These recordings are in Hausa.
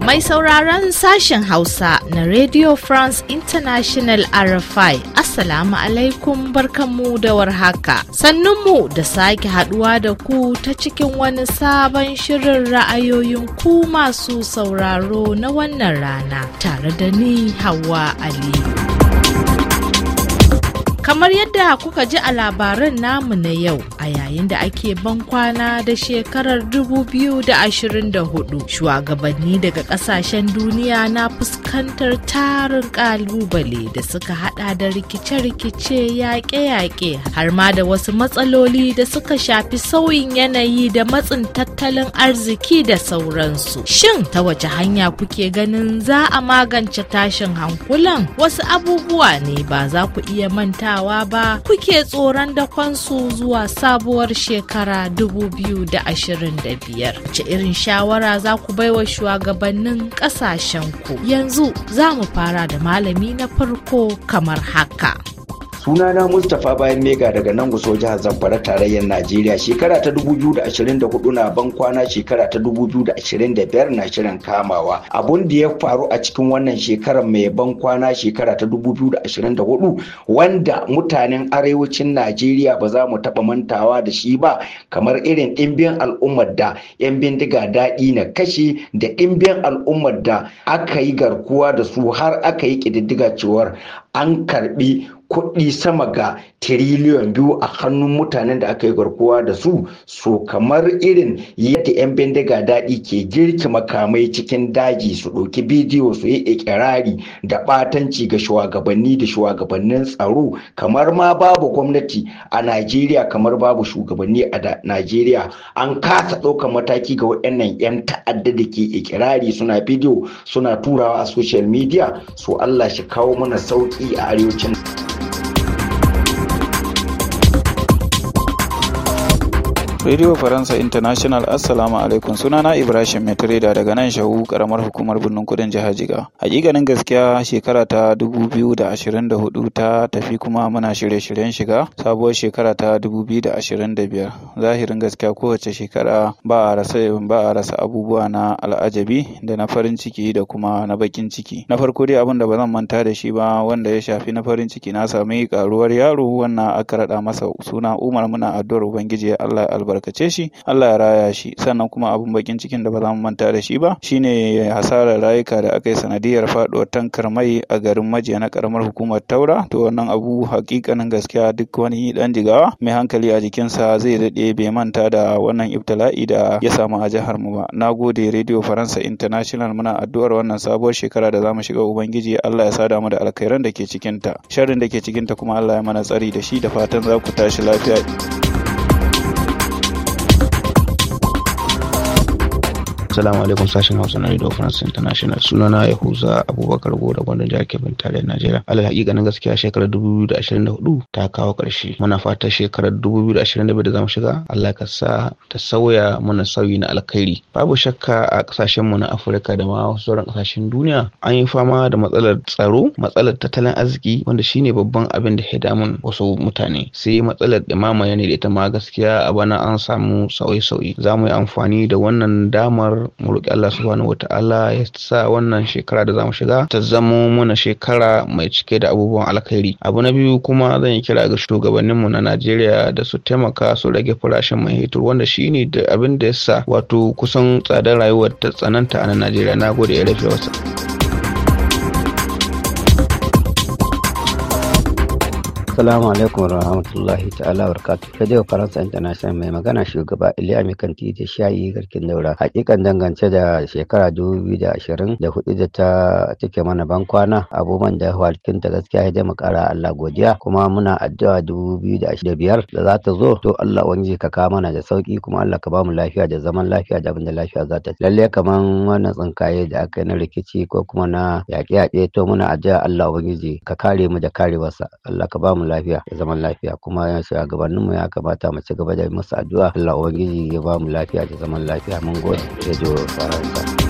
Mai sauraron sashen Hausa na Radio France International RFI, Assalamu alaikum barkanmu da warhaka. Sannunmu da sake haduwa da ku ta cikin wani sabon shirin ra'ayoyin ku masu sauraro na wannan rana tare da ni Hawa Aliyu. Kamar yadda kuka ji a labaran namu na yau a yayin da ake ban kwana da shekarar 2024 shugabanni daga kasashen duniya na fuskantar tarin kalubale da suka hada da rikice-rikice yaƙe-yaƙe har ma da wasu matsaloli da suka shafi sauyin yanayi da matsin tattalin arziki da sauransu. Shin ta wace hanya kuke ganin za a magance tashin hankulan wasu abubuwa ne ba za ku iya manta kulawa ba kuke tsoron dakonsu zuwa sabuwar shekara 2025 ce irin shawara za ku baiwa shugabannin ƙasashenku yanzu za mu fara da malami na farko kamar haka. sunana mustapha bayan mega daga nan guso jihar zamfara tarayyar najeriya shekara ta 2024 na ban kwana shekara ta 2025 na shirin kamawa abun da ya faru a cikin wannan shekarar mai ban kwana shekara ta 2024 wanda mutanen arewacin najeriya ba za mu taba mantawa da shi ba kamar irin ɗimbin al'ummar da 'yan bindiga daɗi na kashe da ɗimbin al'ummar da aka yi garkuwa da su har aka yi ƙididdiga cewar an karbi kuɗi sama ga tiriliyon biyu a hannun mutanen da aka yi garkuwa da su so kamar irin yadda 'yan bindiga daɗi ke girki makamai cikin daji su ɗauki bidiyo su yi ikirari da ɓatanci ga shugabanni da shugabannin tsaro kamar ma babu gwamnati a najeriya kamar babu shugabanni a najeriya an kasa ɗaukar mataki ga waɗannan 'yan ta'adda da ke ikirari suna bidiyo suna turawa a social media so allah shi kawo mana sauƙi a arewacin Radio Faransa International Assalamu alaikum sunana Ibrahim Metreda daga nan shahu karamar hukumar birnin kudin jihar Jiga. Hakikanin gaskiya shekara ta 2024 ta tafi kuma muna shirye-shiryen shiga sabuwar shekara ta 2025. Zahirin gaskiya kowace shekara ba a rasa ba a rasa abubuwa na al'ajabi da na farin ciki da kuma na bakin ciki. Na farko dai abin da ba zan manta da shi ba wanda ya shafi na farin ciki na sami karuwar yaro wannan aka raɗa masa suna Umar muna addu'ar Ubangiji Allah albarka. albarkace shi Allah ya raya shi sannan kuma abin bakin cikin da ba za mu manta da shi ba shine hasarar rayuka da aka yi sanadiyar faduwar tankar mai a garin majiya na karamar hukumar taura to wannan abu hakikanin gaskiya duk wani dan jigawa mai hankali a jikinsa zai dade bai manta da wannan ibtila'i da ya samu a jihar mu ba nagode radio faransa international muna addu'ar wannan sabuwar shekara da zamu shiga ubangiji Allah ya sada mu da alkhairan da ke cikinta sharrin da ke cikinta kuma Allah ya mana tsari da shi da fatan za ku tashi lafiya Assalamu alaikum sashen Hausa na Radio France International. Sunana Yahuza Abubakar Gora Gwanda jihar Kebbi tarayyar Najeriya. Alal hakikanin gaskiya shekarar 2024 ta kawo ƙarshe. Muna fatan shekarar 2025 da zamu shiga Allah ka sa ta sauya mana sauyi na alkhairi. Babu shakka a kasashen mu na Afirka da ma wasu sauran kasashen duniya an yi fama da matsalar tsaro, matsalar tattalin arziki wanda shine babban abin da ya damun wasu mutane. Sai matsalar da mamaye ne da ita ma gaskiya a bana an samu sauye-sauye. Za mu yi amfani da wannan damar mu roƙi Allah subhanahu wataala ya sa wannan shekara da zamu shiga ta zamo mana shekara mai cike da abubuwan alkhairi abu na biyu kuma zan yi kira ga shugabanninmu na Najeriya da su taimaka su rage farashin mai fetur wanda shine da abin da ya sa wato kusan tsadar rayuwar ta tsananta a Najeriya nagode ya rufe wasa Assalamu alaikum wa rahmatullahi ta'ala barkatu. Radio Faransa International mai magana shugaba Iliya Mikanti da Shayi Garkin Daura. Hakikan dangance da shekara 2024 da da ta take mana ban kwana abubuwan da walkin ta gaskiya ya mu kara Allah godiya kuma muna addu'a 2025 da za ta zo to Allah wange ka ka mana da sauki kuma Allah ka ba mu lafiya da zaman lafiya da abin da lafiya za ta. Lalle kaman wannan tsinkaye da aka yi na rikici ko kuma na yaƙe-yaƙe to muna addu'a Allah ubangiji ka kare mu da karewarsa. Allah ka ba mu lafiya da zaman lafiya kuma shugabannin mu ya kamata mu ci gaba da masa addu'a Allah ubangiji ya ba mu lafiya da zaman lafiya mun gode da faransa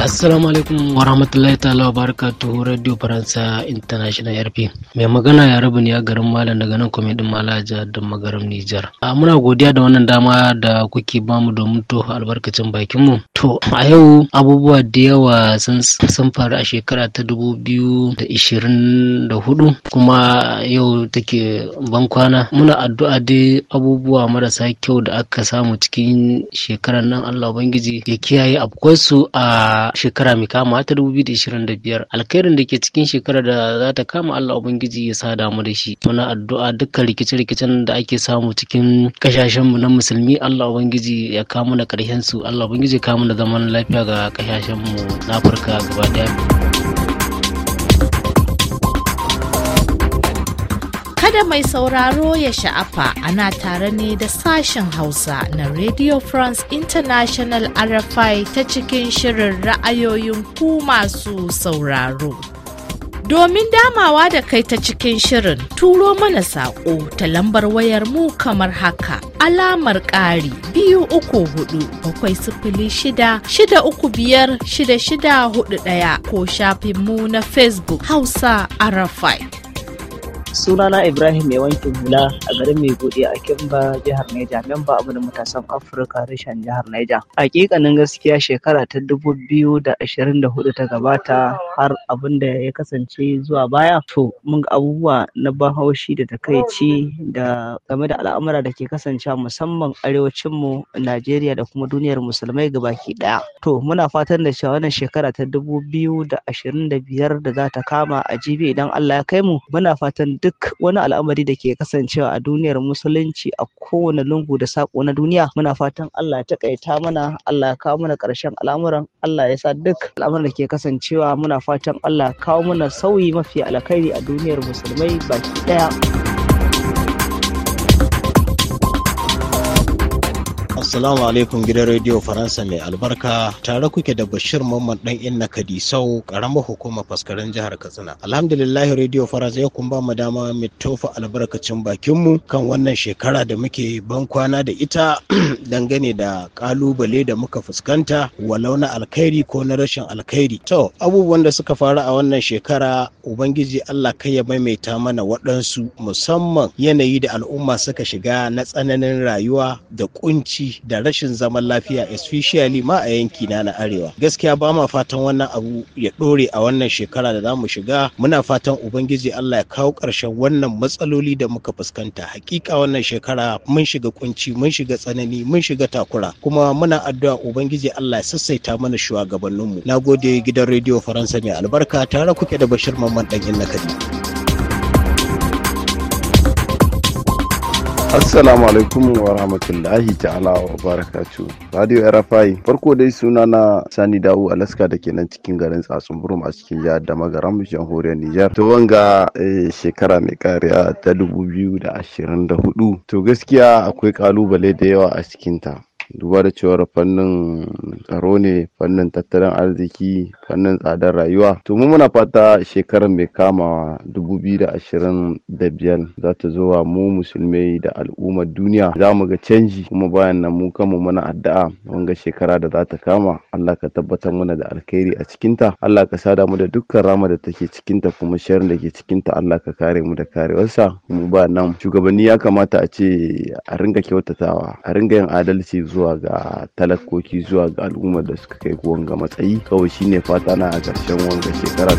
Assalamu alaikum wa rahmatullahi ta'ala wa baraka Radio Faransa International RP. Mai magana ya rabu ne a garin Malam daga nan kwamin din Malaja da magaram Nijar. A muna godiya da wannan dama da kuke bamu domin to albarkacin bakin mu. To a yau abubuwa da yawa sun faru a shekara ta dubu biyu da ishirin da hudu kuma yau take ban kwana. Muna addu'a dai abubuwa marasa kyau da aka samu cikin shekarar nan Allah Ubangiji ya kiyaye su a shekara mai kama ta 2025 alkhairin da ke cikin shekarar da za ta kama Allah ubangiji ya sa damu da shi muna addu'a dukkan rikice-rikicen da ake samu cikin kashashen mu na musulmi Allah ubangiji ya kamu na karshen su Allah ubangiji ya kamu da zaman lafiya ga kashashen mu na Afirka gaba daya Kada mai sauraro ya sha'afa ana tare ne da sashen Hausa na Radio France International RFI ta cikin shirin ra'ayoyin ku masu sauraro. Domin damawa da kai ta cikin shirin turo mana saƙo ta lambar wayar mu kamar haka alamar ƙari biyu uku hudu bakwai sifili shida shida uku biyar shida shida hudu ɗaya ko shafin mu na Facebook Hausa RFI. sunana ibrahim mai wankin hula a garin mai gode a kimba jihar naija memba abu da matasan afirka reshen jihar naija hakikanin gaskiya shekara ta dubu biyu da ta gabata har abin da ya kasance zuwa baya to mun ga abubuwa na ban haushi da takaici da game da al'amura da ke kasancewa musamman arewacin mu najeriya da kuma duniyar musulmai gabaki daya to muna fatan da cewa wannan shekara ta dubu da ashirin da za ta kama a jibi idan allah ya kai mu muna fatan duk wani al'amari da ke kasancewa a duniyar musulunci a kowane lungu da saƙo na duniya muna fatan Allah ya takaita mana Allah ya kawo mana ƙarshen al'amuran Allah ya sa duk al'amuran da ke kasancewa muna fatan Allah ya kawo mana sauyi mafi alkhairi a duniyar musulmai baki ɗaya. Assalamu alaikum gidan rediyo Faransa mai albarka tare kuke da Bashir Mamman dan Inna Kadisau karamar hukumar faskaren jihar Katsina. Alhamdulillah rediyo Faransa ya kun ba mu dama mu tofa albarkacin bakin mu kan wannan shekara da muke ban kwana da ita dangane da kalubale da muka fuskanta walau na alkhairi ko na rashin alkhairi. To abubuwan da suka faru a wannan shekara Ubangiji Allah kai ya maimaita mana waɗansu musamman yanayi da al'umma suka shiga na tsananin rayuwa da kunci da rashin zaman lafiya especially ma a yanki na na arewa gaskiya ba ma fatan wannan abu ya ɗore a wannan shekara da zamu shiga muna fatan ubangiji Allah ya kawo ƙarshen wannan matsaloli da muka fuskanta hakika wannan shekara mun shiga kunci mun shiga tsanani mun shiga takura kuma muna addu'a ubangiji Allah ya sassaita mana shugabanninmu nagode gidan rediyo faransa mai albarka tare kuke da bashir mamman dan na kadi Assalamu alaikum wa rahmatullahi ta'ala wa barakatu. Radio RFI farko dai suna na Sani Dawu Alaska da ke nan cikin garin Tsatsunburum a cikin jihar da magaram jamhuriyar Nijar. To wanga eh, shekara mai kariya ta 2024. To gaskiya akwai kalubale da yawa a cikinta. duba da cewar fannin tsaro ne fannin tattalin arziki fannin tsadar rayuwa to mu muna fata shekarar mai kama 2025 za ta zo wa mu musulmai da al'ummar duniya za mu ga canji kuma bayan nan mu kanmu muna addu'a wanga shekara da za ta kama Allah ka tabbatar mana da alkhairi a cikinta Allah ka sada mu da dukkan rama da take cikinta kuma sharin da ke cikinta Allah ka kare mu da karewarsa kuma bayan nan shugabanni ya kamata a ce a ringa kyautatawa a ringa yin adalci zuwa zuwa ga talakoki zuwa ga al'ummar da suka kai wanga matsayi kawai shine fata na a ƙarshen wanga shekara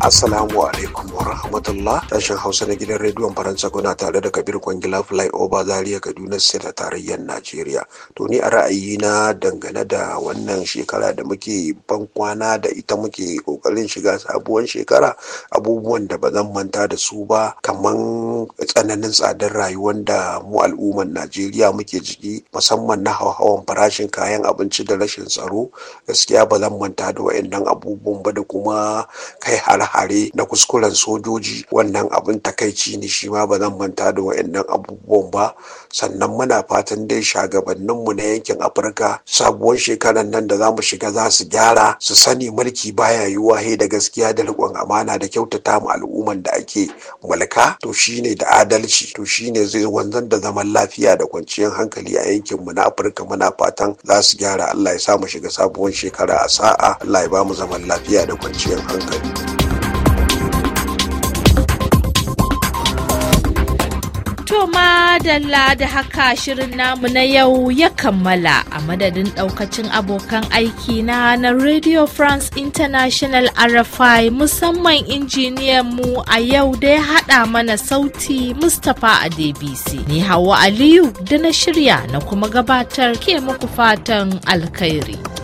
Assalamu alaikum wa rahmatullah tashin hausa na gidan rediyon faransa kuna tare da kabir kwangila flyover zaria kaduna state a tarayyar najeriya to ni a na dangane da wannan shekara da muke ban kwana da ita muke kokarin shiga sabuwar shekara abubuwan da ba zan manta da su ba kaman tsananin tsadar rayuwar da mu al'umman najeriya muke jiki musamman na hauhawan farashin kayan abinci da rashin tsaro gaskiya ba zan manta da wa'annan abubuwan ba da kuma kai hare-hare na kuskuren su sojoji wannan abin takaici ne shi ma ba zan manta da wa'annan abubuwan ba sannan muna fatan dai shagabanninmu na yankin afirka sabuwar shekarar nan da za mu shiga za su gyara su sani mulki baya yiwuwa he da gaskiya da rikon amana da kyautata mu al'umman da ake mulka to shine da adalci to shine zai wanzan da zaman lafiya da kwanciyar hankali a yankinmu na afirka muna fatan za su gyara allah ya sa mu shiga sabuwar shekara a sa'a allah ya ba mu zaman lafiya da kwanciyar hankali. To madalla da haka shirin namu na yau ya kammala a madadin daukacin abokan aiki na na Radio France International RFI musamman injiniyan mu a yau da ya hada mana sauti Mustapha Adebisi. Ni Hawa Aliyu da na shirya na kuma gabatar ke muku fatan alkhairi.